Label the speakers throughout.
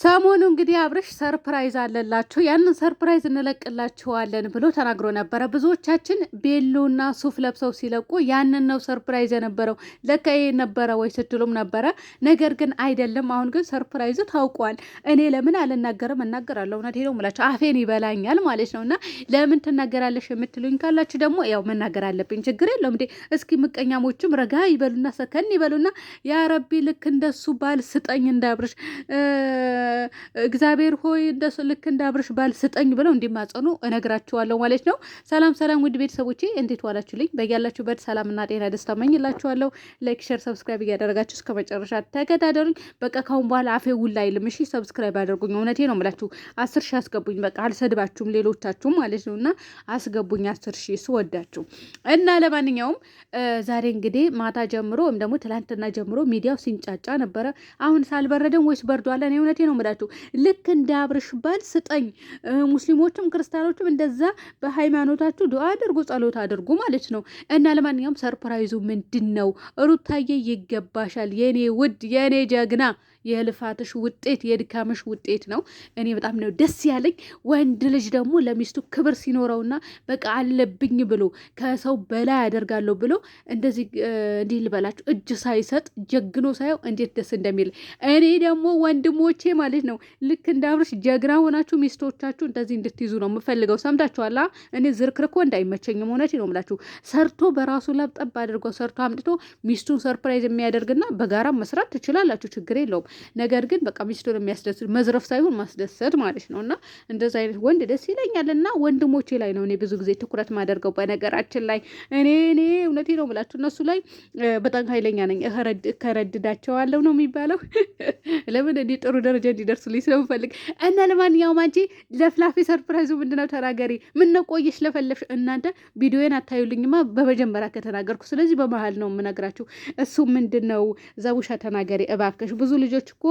Speaker 1: ሰሞኑ እንግዲህ አብርሽ ሰርፕራይዝ አለላችሁ ያንን ሰርፕራይዝ እንለቅላችኋለን ብሎ ተናግሮ ነበረ። ብዙዎቻችን ቤሎና ሱፍ ለብሰው ሲለቁ ያንን ነው ሰርፕራይዝ የነበረው ለካ ይሄ ነበረ ወይ ስትሉም ነበረ። ነገር ግን አይደለም። አሁን ግን ሰርፕራይዝ ታውቋል። እኔ ለምን አልናገርም? እናገራለሁ። እውነቴን ነው የምላችሁ፣ አፌን ይበላኛል ማለት ነው። እና ለምን ትናገራለሽ የምትሉኝ ካላችሁ ደግሞ ያው መናገር አለብኝ። ችግር የለውም እንዴ። እስኪ ምቀኛሞችም ረጋ ይበሉና ሰከን ይበሉና፣ ያ ልክ እንደሱ ባል ስጠኝ እንዳብርሽ እግዚአብሔር ሆይ ልክ እንደ አብርሽ ባል ስጠኝ ብለው እንዲማጸኑ እነግራችኋለሁ ማለት ነው። ሰላም ሰላም፣ ውድ ቤተሰቦቼ እንዴት ዋላችሁልኝ? በያላችሁበት ሰላምና ጤና ደስታ መኝላችኋለሁ። ላይክ፣ ሸር፣ ሰብስክራይብ እያደረጋችሁ እስከ መጨረሻ ተገዳደሩኝ። በቃ ካሁን በኋላ አፌ ውላ አይልም። እሺ ሰብስክራይብ አደርጉኝ። እውነቴ ነው የምላችሁ አስር ሺህ አስገቡኝ። በቃ አልሰድባችሁም፣ ሌሎቻችሁም ማለት ነው እና አስገቡኝ አስር ሺህ ስወዳችሁ እና ለማንኛውም ዛሬ እንግዲህ ማታ ጀምሮ ወይም ደግሞ ትላንትና ጀምሮ ሚዲያው ሲንጫጫ ነበረ። አሁን ሳልበረደም ወይስ በርዷለን? እውነቴ ነው የምላችሁ። ልክ እንደ አብርሽ ባል ስጠኝ። ሙስሊሞችም ክርስቲያኖችም እንደዛ በሃይማኖታችሁ ዱዓ አድርጉ፣ ጸሎት አድርጉ ማለት ነው። እና ለማንኛውም ሰርፕራይዙ ምንድን ነው? ሩታዬ ይገባሻል፣ የኔ ውድ፣ የኔ ጀግና የልፋትሽ ውጤት የድካምሽ ውጤት ነው። እኔ በጣም ነው ደስ ያለኝ። ወንድ ልጅ ደግሞ ለሚስቱ ክብር ሲኖረውና በቃ አለብኝ ብሎ ከሰው በላይ ያደርጋለሁ ብሎ እንደዚህ እንዲህ ልበላችሁ እጅ ሳይሰጥ ጀግኖ ሳየው እንዴት ደስ እንደሚል እኔ ደግሞ ወንድሞቼ ማለት ነው ልክ እንዳብርሽ ጀግና ሆናችሁ ሚስቶቻችሁ እንደዚህ እንድትይዙ ነው የምፈልገው። ሰምታችኋላ። እኔ ዝርክርኮ እንዳይመቸኝም ሆነች ነው የምላችሁ። ሰርቶ በራሱ ላብ ጠብ አድርጎ ሰርቶ አምጥቶ ሚስቱን ሰርፕራይዝ የሚያደርግና በጋራ መስራት ትችላላችሁ። ችግር የለውም። ነገር ግን በቃ ሚስቱን የሚያስደስት መዝረፍ ሳይሆን ማስደሰት ማለት ነው። እና እንደዚ አይነት ወንድ ደስ ይለኛል። እና ወንድሞቼ ላይ ነው እኔ ብዙ ጊዜ ትኩረት ማደርገው። በነገራችን ላይ እኔ እኔ እውነቴ ነው ብላችሁ እነሱ ላይ በጣም ኃይለኛ ነኝ። ከረድዳቸዋለሁ ነው የሚባለው። ለምን እንዲ ጥሩ ደረጃ እንዲደርሱልኝ ስለምፈልግ እና ለማንኛውም አንቺ ለፍላፊ ሰርፕራይዙ ምንድነው? ተናገሪ። ምን ነው ቆየሽ ለፈለፍሽ? እናንተ ቪዲዮዬን አታዩልኝማ በመጀመሪያ ከተናገርኩ። ስለዚህ በመሀል ነው የምነግራችሁ። እሱ ምንድን ነው ዘቡሻ ተናገሪ እባክሽ ብዙ ልጆች ልጆች እኮ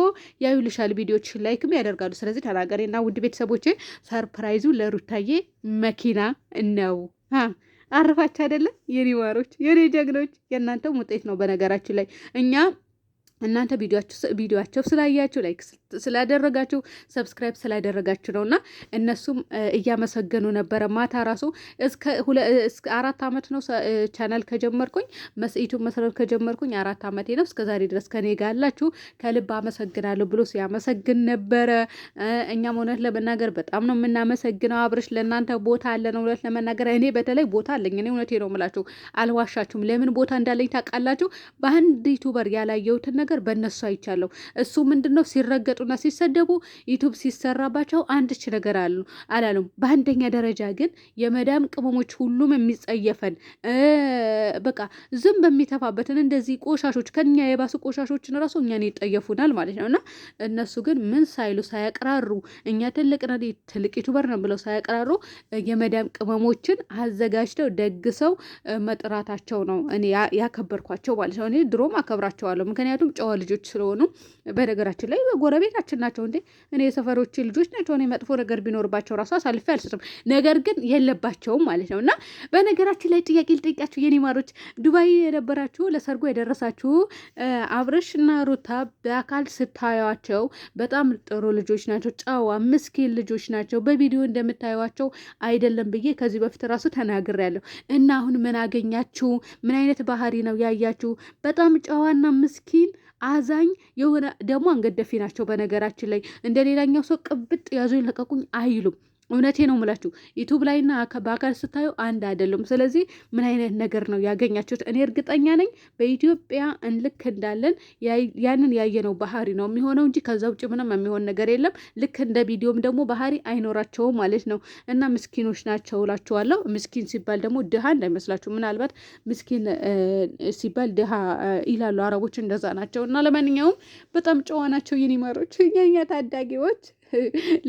Speaker 1: ያዩልሻል፣ ቪዲዮች ላይክም ያደርጋሉ። ስለዚህ እና ውድ ቤተሰቦች ሰርፕራይዙ ለሩታዬ መኪና ነው። አረፋች አይደለም የኔ ዋሮች፣ የኔ ጀግኖች፣ የእናንተም ውጤት ነው። በነገራችን ላይ እኛ እናንተ ቪዲዮቸው ስላያቸው ላይክ ስላደረጋችሁ ሰብስክራይብ ስላደረጋችሁ ነው እና እነሱም እያመሰገኑ ነበረ። ማታ ራሱ እስከ አራት ዓመት ነው ቻናል ከጀመርኩኝ መስኢቱ መስራት ከጀመርኩኝ አራት ዓመቴ ነው። እስከ ዛሬ ድረስ ከኔ ጋር አላችሁ ከልብ አመሰግናለሁ ብሎ ሲያመሰግን ነበረ። እኛም እውነት ለመናገር በጣም ነው የምናመሰግነው። አብርሽ ለእናንተ ቦታ አለን። እውነት ለመናገር እኔ በተለይ ቦታ አለኝ። እኔ እውነቴ ነው የምላችሁ፣ አልዋሻችሁም። ለምን ቦታ እንዳለኝ ታውቃላችሁ? በአንድ ዩቱበር ያላየሁትን ነገር በእነሱ አይቻለሁ። እሱ ምንድን ነው ሲረገጥ ሲሰጡና ሲሰደቡ ዩቱብ ሲሰራባቸው አንድች ነገር አሉ አላሉም። በአንደኛ ደረጃ ግን የመዳም ቅመሞች ሁሉም የሚጸየፈን በቃ ዝም በሚተፋበትን እንደዚህ ቆሻሾች ከኛ የባሱ ቆሻሾችን ራሱ እኛን ይጠየፉናል ማለት ነው። እና እነሱ ግን ምን ሳይሉ ሳያቀራሩ እኛ ትልቅ ነ ትልቅ ዩቱበር ነው ብለው ሳያቀራሩ የመዳም ቅመሞችን አዘጋጅተው ደግሰው መጥራታቸው ነው እኔ ያከበርኳቸው ማለት ነው። እኔ ድሮም አከብራቸዋለሁ፣ ምክንያቱም ጨዋ ልጆች ስለሆኑ በነገራችን ላይ ጎረቤ ቤታችን ናቸው እንዴ እኔ የሰፈሮች ልጆች ናቸው። እኔ መጥፎ ነገር ቢኖርባቸው ራሱ አሳልፌ አልሰጥም። ነገር ግን የለባቸውም ማለት ነው። እና በነገራችን ላይ ጥያቄ ልጠይቃችሁ የኔ ማሮች፣ ዱባይ የነበራችሁ ለሰርጎ የደረሳችሁ አብረሽ እና ሩታ በአካል ስታያቸው በጣም ጥሩ ልጆች ናቸው። ጨዋ ምስኪን ልጆች ናቸው። በቪዲዮ እንደምታዩቸው አይደለም ብዬ ከዚህ በፊት ራሱ ተናግሬያለሁ። እና አሁን ምን አገኛችሁ? ምን አይነት ባህሪ ነው ያያችሁ? በጣም ጨዋና ምስኪን አዛኝ የሆነ ደግሞ ደፊ ናቸው። በነገራችን ላይ እንደ ሌላኛው ሰው ቅብጥ ያዙኝ ለቀቁኝ አይሉም። እውነቴ ነው የምላችሁ ዩቱብ ላይና በአካል ስታዩ አንድ አይደለም። ስለዚህ ምን አይነት ነገር ነው ያገኛችሁት? እኔ እርግጠኛ ነኝ በኢትዮጵያ ልክ እንዳለን ያንን ያየነው ባህሪ ነው የሚሆነው እንጂ ከዛ ውጭ ምንም የሚሆን ነገር የለም። ልክ እንደ ቪዲዮም ደግሞ ባህሪ አይኖራቸውም ማለት ነው። እና ምስኪኖች ናቸው እላቸዋለሁ። ምስኪን ሲባል ደግሞ ድሃ እንዳይመስላችሁ። ምናልባት ምስኪን ሲባል ድሃ ይላሉ አረቦች፣ እንደዛ ናቸው። እና ለማንኛውም በጣም ጨዋ ናቸው የኔ ማሮች፣ የኛ ታዳጊዎች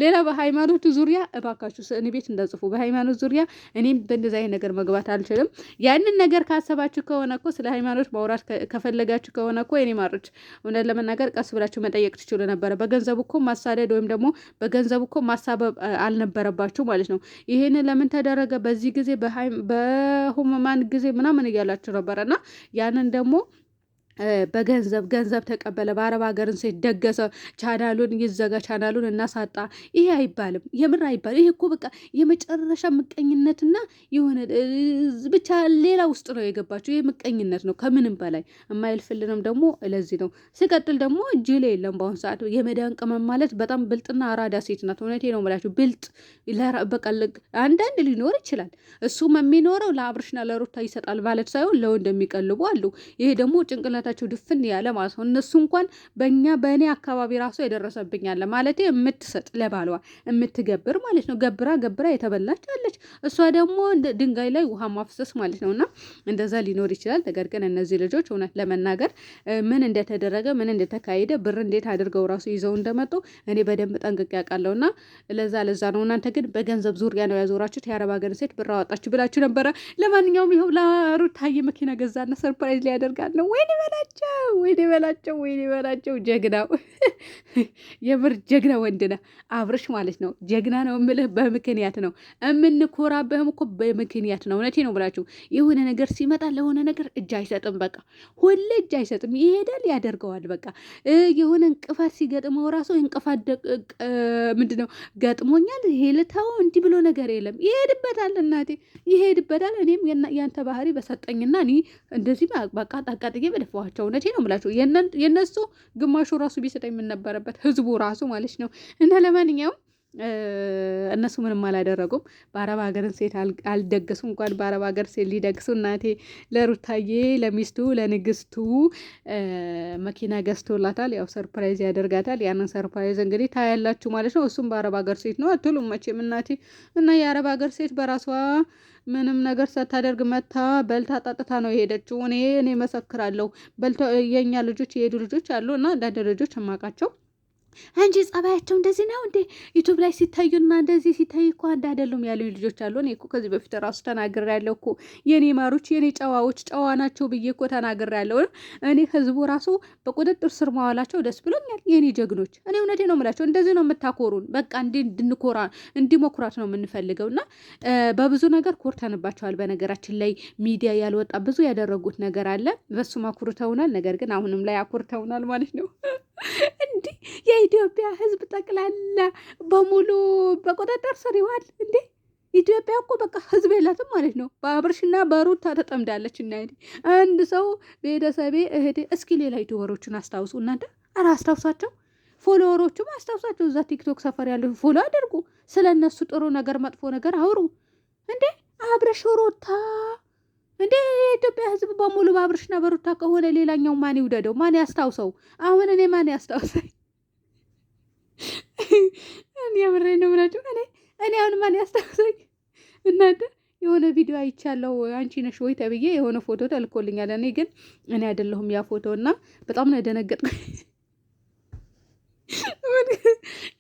Speaker 1: ሌላ በሃይማኖቱ ዙሪያ እባካችሁ እኔ ቤት እንዳጽፉ። በሃይማኖት ዙሪያ እኔም በእንደዚህ አይነት ነገር መግባት አልችልም። ያንን ነገር ካሰባችሁ ከሆነ እኮ ስለ ሃይማኖት ማውራት ከፈለጋችሁ ከሆነ እኮ እኔ ማርች እውነት ለመናገር ቀስ ብላችሁ መጠየቅ ትችሉ ነበረ። በገንዘቡ እኮ ማሳደድ ወይም ደግሞ በገንዘቡ እኮ ማሳበብ አልነበረባችሁ ማለት ነው። ይህን ለምን ተደረገ በዚህ ጊዜ በሁመማን ጊዜ ምናምን እያላችሁ ነበረ እና ያንን ደግሞ በገንዘብ ገንዘብ ተቀበለ በአረብ ሀገርን ሴት ደገሰ፣ ቻናሉን ይዘጋ፣ ቻናሉን እናሳጣ። ይሄ አይባልም፣ የምር አይባልም። ይሄ እኮ በቃ የመጨረሻ ምቀኝነትና የሆነ ብቻ ሌላ ውስጥ ነው የገባቸው። ይሄ ምቀኝነት ነው ከምንም በላይ የማይልፍልንም ደግሞ ለዚህ ነው። ሲቀጥል ደግሞ ጅል የለም በአሁን ሰዓት የመዳን ቅመም ማለት በጣም ብልጥና አራዳ ሴት ናት። እውነቴ ነው የምላቸው ብልጥ በቀልግ አንዳንድ ሊኖር ይችላል። እሱም የሚኖረው ለአብርሽና ለሩታ ይሰጣል ማለት ሳይሆን ለወንድ የሚቀልቡ አሉ። ይሄ ደግሞ ጭንቅላት ጭንቅላታቸው ድፍን ያለ ማለት ነው። እነሱ እንኳን በእኛ በእኔ አካባቢ ራሱ የደረሰብኝ አለ ማለት የምትሰጥ ለባሏ የምትገብር ማለት ነው። ገብራ ገብራ የተበላች አለች። እሷ ደግሞ ድንጋይ ላይ ውሃ ማፍሰስ ማለት ነው። እና እንደዛ ሊኖር ይችላል። ነገር ግን እነዚህ ልጆች እውነት ለመናገር ምን እንደተደረገ ምን እንደተካሄደ ብር እንዴት አድርገው ራሱ ይዘው እንደመጡ እኔ በደንብ ጠንቅቅ ያውቃለሁ። እና ለዛ ለዛ ነው። እናንተ ግን በገንዘብ ዙሪያ ነው ያዞራችሁት። የአረብ ሀገር ሴት ብር አወጣችሁ ብላችሁ ነበረ። ለማንኛውም ይኸው ለሩታዬ መኪና ገዛና ሰርፕራይዝ ሊያደርጋት ነው ይበላል። በላቸው፣ ወይኔ በላቸው፣ ወይኔ በላቸው። ጀግናው የምር ጀግና ወንድ ነህ አብርሽ ማለት ነው። ጀግና ነው የምልህ በምክንያት ነው። የምንኮራበህም እኮ በምክንያት ነው። እውነቴ ነው ብላችሁ የሆነ ነገር ሲመጣ ለሆነ ነገር እጅ አይሰጥም። በቃ ሁሌ እጅ አይሰጥም። ይሄዳል፣ ያደርገዋል። በቃ የሆነ እንቅፋት ሲገጥመው ራሱ እንቅፋት ምንድን ነው ገጥሞኛል፣ ይሄ ልተው እንዲህ ብሎ ነገር የለም። ይሄድበታል፣ እናቴ ይሄድበታል። እኔም ያንተ ባህሪ በሰጠኝና እኔ እንደዚህ በቃ ጣቃጥዬ በደፋዋል አለባቸው። እውነቴ ነው የምላቸው የእነሱ ግማሹ ራሱ ቢሰጠኝ የምንነበረበት ህዝቡ ራሱ ማለት ነው። እና ለማንኛውም እነሱ ምንም አላደረጉም። በአረብ ሀገርን ሴት አልደገሱ እንኳን በአረብ ሀገር ሴት ሊደግሱ እናቴ ለሩታዬ ለሚስቱ ለንግስቱ መኪና ገዝቶላታል። ያው ሰርፕራይዝ ያደርጋታል። ያንን ሰርፕራይዝ እንግዲህ ታያላችሁ ማለት ነው። እሱም በአረብ ሀገር ሴት ነው አትሉም መቼም እናቴ እና የአረብ ሀገር ሴት በራሷ ምንም ነገር ሳታደርግ መታ በልታ ጠጥታ ነው የሄደችው። እኔ እኔ መሰክራለሁ። በልታ የእኛ ልጆች የሄዱ ልጆች አሉ እና አንዳንድ ልጆች እማቃቸው
Speaker 2: አንቺ ጸባያቸው እንደዚህ ነው እንዴ? ዩቱብ ላይ ሲታዩና እንደዚህ ሲታይ እኮ አንድ አይደሉም ያሉኝ ልጆች አሉ። እኔ እኮ ከዚህ በፊት ራሱ ያለው እኮ የእኔ ማሮች፣ የእኔ ጨዋዎች ጨዋ ናቸው ብዬ እኮ ተናግሬያለሁ። እኔ ህዝቡ ራሱ በቁጥጥር ስር መዋላቸው ደስ ብሎኛል። የእኔ ጀግኖች፣ እኔ እውነቴ ነው የምላቸው። እንደዚህ ነው የምታኮሩን። በቃ እንድንኮራ እንዲሞኩራት ነው የምንፈልገው። እና በብዙ ነገር ኮርተንባቸዋል። በነገራችን ላይ ሚዲያ ያልወጣ ብዙ ያደረጉት ነገር አለ። በሱም አኩርተውናል። ነገር ግን አሁንም ላይ አኩርተውናል ማለት ነው። እንዴ የኢትዮጵያ ህዝብ ጠቅላላ በሙሉ በቁጥጥር ስር ይዋል እንዴ? ኢትዮጵያ እኮ በቃ ህዝብ የላትም ማለት ነው። በአብርሽና በሩታ ተጠምዳለች። እና አንድ ሰው ቤተሰቤ፣ እህቴ፣ እስኪ ሌላ ዩቱበሮችን አስታውሱ እናንተ። ኧረ አስታውሳቸው፣ ፎሎወሮቹም አስታውሳቸው። እዛ ቲክቶክ ሰፈር ያለ ፎሎ አድርጉ። ስለ እነሱ ጥሩ ነገር፣ መጥፎ ነገር አውሩ እንዴ አብርሽ ሩታ እንዴ የኢትዮጵያ ህዝብ በሙሉ በአብርሽና በሩታ ከሆነ ሌላኛው ማን ይውደደው? ማን ያስታውሰው? አሁን እኔ ማን ያስታውሰኝ? እኔ የምሬ ነው ብላችሁ እኔ እኔ አሁን ማን ያስታውሰኝ? እናንተ የሆነ ቪዲዮ አይቻለው አንቺ ነሽ ወይ ተብዬ የሆነ ፎቶ ተልኮልኛል። እኔ ግን እኔ አይደለሁም ያ ፎቶ እና በጣም ነው የደነገጥኩኝ።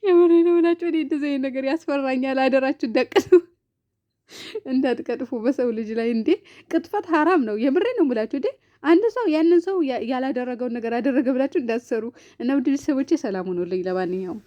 Speaker 2: የምሬ ነው ብላችሁ እኔ እንደዚህ ነገር ያስፈራኛል። አደራችሁ ደቅነው እንዳትቀጥፉ በሰው ልጅ ላይ እንዴ! ቅጥፈት ሀራም ነው። የምሬ ነው ምላችሁ እንዴ! አንድ ሰው ያንን ሰው ያላደረገውን ነገር አደረገ ብላችሁ እንዳትሰሩ እና ውድ ቤተሰቦቼ ሰላም ሆኖልኝ ለማንኛውም